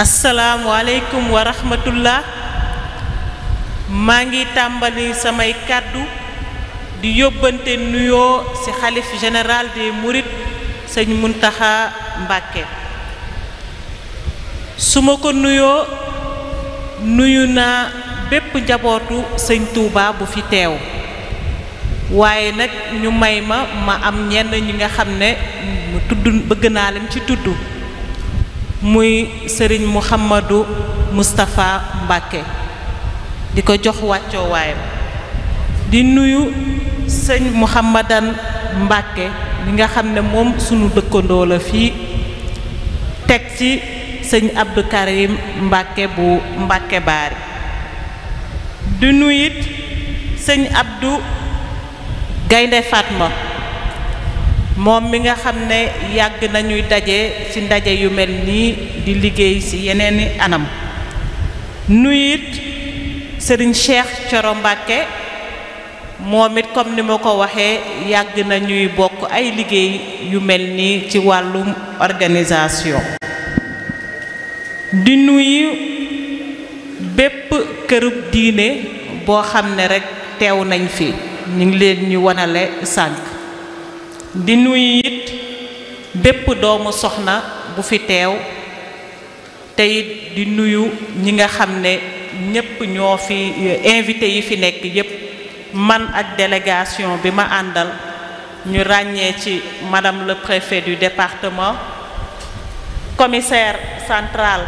asalaamualeykum wa rahmatullah maa ngi tàmbali samay kàddu di yóbbante nuyoo ci xalif général des mourides sëñ Muntaxa Mbàkke su ma ko nuyoo nuyu naa bépp njabootu sëñ Tuuba bu fi teew waaye nag ñu may ma ma am ñenn ñi nga xam ne mu tudd bëgg naa leen ci tudd muy sëriñ Mouhamadou Moustapha Mbacke di ko jox wàccoowaayam di nuyu sëñ Mouhamadan Mbacke bi nga xam ne moom sunu dëkkandoo la fii teg ci sëñ Abdou Karim Mbacke bu Mbacke Baari di nuyu it sëñ Abdou Gaynde Fatma moom mi nga xam ne yàgg nañuy daje ci ndaje yu mel nii di liggéey ci yeneeni anam nuyu sëriñ Cheikh coro Mbacké moom it kom ni ma ko waxee yàgg nañuy bokk ay liggéey yu mel nii ci wàllum organisation di nuyu bépp kërub diine boo xam ne rekk teew nañ fi ñu ngi leen ñu wanale sànq di nuyu it bépp doomu soxna bu fi teew te it di nuyu ñi nga xam ne ñépp ñoo fi invité yi fi nekk yépp man ak délégation bi ma àndal ñu ràññee ci madame le préfet du département commissaire central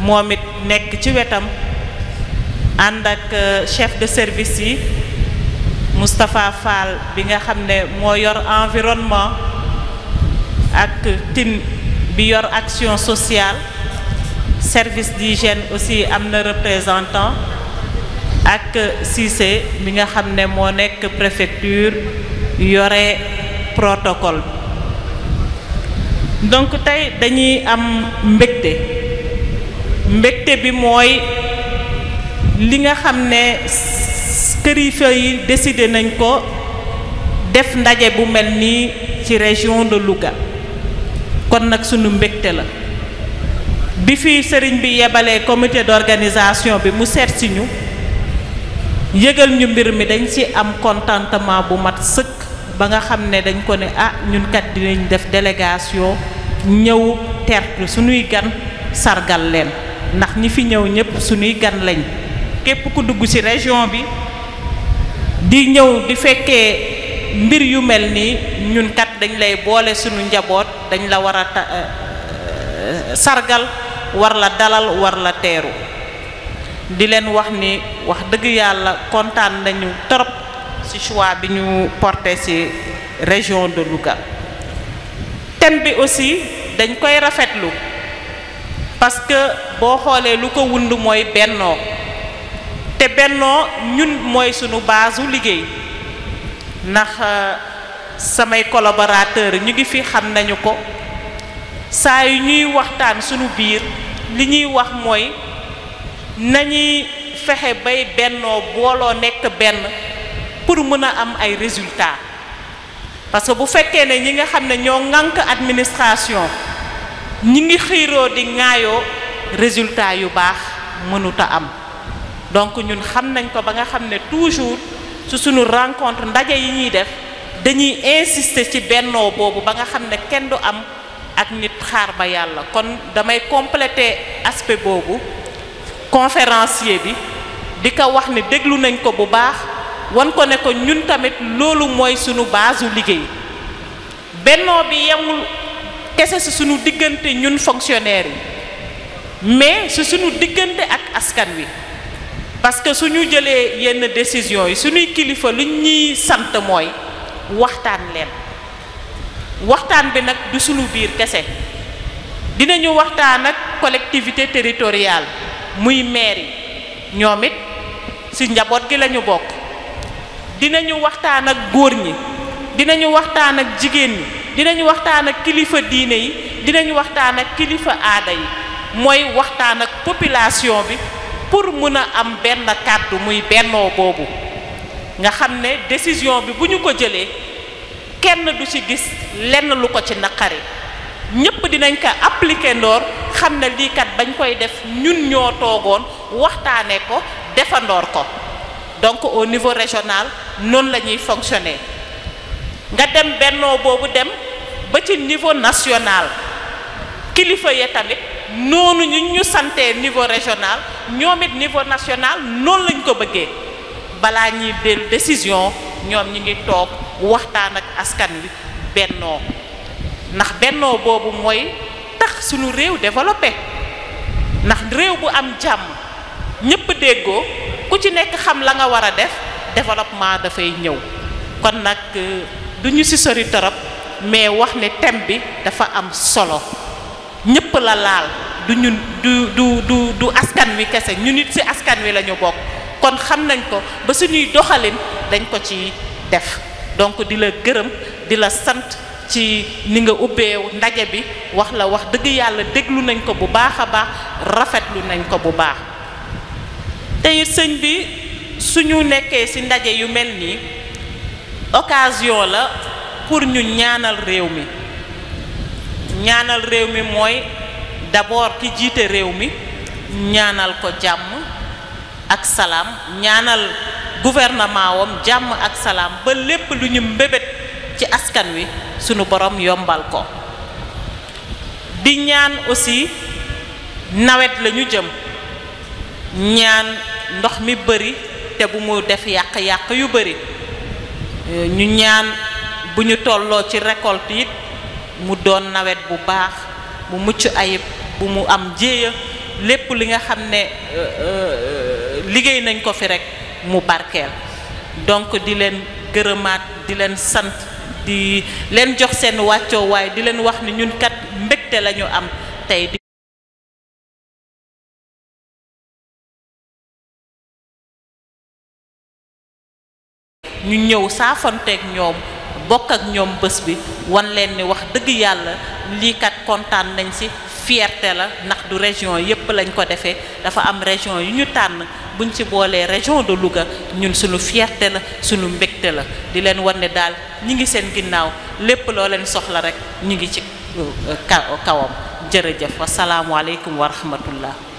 moom it nekk ci wetam ànd ak euh, chef de service yi Moustapha Fall bi nga xam ne moo yor environnement ak team bi yor action sociale service d'hygiène aussi am na représentant ak Cissé bi nga xam ne moo nekk préfecture yore protocole donc tey dañuy am mbégte mbégte bi mooy li nga xam ne kilifa yi désidé nañ ko def ndaje bu mel nii ci région de Louga kon nag sunu mbégte la bi fi sëriñ bi yebalee comité d'organisation bi mu seet si ñu yëgal ñu mbir mi dañ ci am contentement bu mat sëkk ba nga xam ne dañ ko ne ah ñun kat dinañ def délégation ñëw tertu suñuy gan sargal leen ndax ñi fi ñëw ñépp suñuy gan lañ képp ku dugg ci région bi di ñëw di fekkee mbir yu mel nii ñun kat dañ lay boole suñu njaboot dañ la war a euh, euh, sargal war la dalal war la teeru di leen wax ni wax dëgg yàlla kontaan nañu trop ci choix bi ñu porté ci région de Louga thème bi aussi dañ koy rafetlu parce que boo xoolee lu ko wund mooy bennoo te bennoo ñun mooy sunu baasu liggéey ndax euh, samay collaborateur ñu ngi fi xam nañu ko saa yu ñuy waxtaan sunu biir li ñuy wax mooy nañuy fexe bay bennoo booloo nekk benn pour mën a am ay résultats parce que bu fekkee ne ñi nga xam ne ñoo ŋànk administration ñi ngi xiiroo di ŋaayoo résultats yu baax mënuta am donc ñun xam nañ ko ba nga xam ne toujours su suñu rencontre ndaje yi ñuy def dañuy insister ci bennoo boobu ba nga xam ne kenn du am ak nit xaar ba yàlla kon damay compléter aspect boobu conférencier bi di ko wax ne déglu nañ ko bu baax wan ko ne ñun tamit loolu mooy sunu base liggéey bennoo bi yemul kese si sunu diggante ñun fonctionnaire yi mais si sunu diggante ak askan wi parce que su ñu jëlee yenn décision yi suñuy kilifa lu ñuy sant mooy waxtaan leen waxtaan bi nag du sunu biir kese dina dinañu waxtaan ak collectivité territoriale muy maire yi ñoom it ci njaboot gi lañu bokk dina dinañu waxtaan ak góor ñi dinañu waxtaan ak jigéen ñi dinañu waxtaan ak kilifa diine yi dinañu waxtaan ak kilifa aada yi mooy waxtaan ak population bi pour mun a am benn kàddu muy bennoo boobu nga xam ne décision bi bu ñu ko jëlee kenn du ci gis lenn lu ko ci naqari ñépp dinañ ko appliquer ndoor xam ne lii kat bañ koy def ñun ñoo toogoon waxtaanee ko defandoor ko donc au niveau régional noonu la ñuy fonctionner nga dem bennoo boobu dem ba ci niveau national kilifa ya tamit. noonu ñu ñu santee niveau régional ñoom it niveau national noonu lañu ko bëggee balaa ñuy del décision ñoom ñi ngi toog waxtaan ak askan wi bennoo ndax bennoo boobu mooy tax suñu réew développé ndax réew bu am jàmm ñépp déggoo ku ci nekk xam la nga war a def développement dafay ñëw kon nag euh, duñu ñu ci sori torop mais wax ne thème bi dafa am solo ñépp la laal du ñun du du du askan wi kese ñu nit si askan wi lañu ñu bokk kon xam nañ ko ba suñuy doxalin dañ ko ci def donc di la gërëm di la sant ci ni nga ubbee ndaje bi wax la wax dëgg yàlla déglu nañ ko bu baax a baax rafetlu nañ ko bu baax te it sëñ bi suñu nekkee si ndaje yu mel nii okasiyon la pour ñu ñaanal réew mi ñaanal réew mi mooy d'abord ki jiite réew mi ñaanal ko jàmm ak salaam ñaanal gouvernement wam jàmm ak salaam ba lépp lu ñu mbébét ci askan wi sunu borom yombal ko di ñaan aussi nawet la ñu jëm ñaan ndox mi bëri te bu mu def yàq-yàq yu bari ñu ñaan bu ñu tolloo ci récolte it mu doon nawet bu baax mu mucc ayib bu mu am jéeya lépp li nga xam ne euh, euh, liggéey nañ ko fi rekk mu barkeel donc di leen gërëmaat di leen sant di leen jox seen wàccoo waaye di leen wax ni ñun kat mbégte la am tey ñu ñëw saafonteeg ñoom bokk ak ñoom bés bi wan leen ni wax dëgg yàlla lii kat kontaan nañ si fierté la ndax du région yëpp lañ ko defee dafa am région yu ñu tànn bu ñu ci boolee région de Louga ñun suñu fierte la suñu mbégte la di leen wan ne daal ñi ngi seen ginnaaw lépp loo leen soxla rek ñu ngi ci euh, kawam jërëjëf wasalaamualeykum wa rahmatullah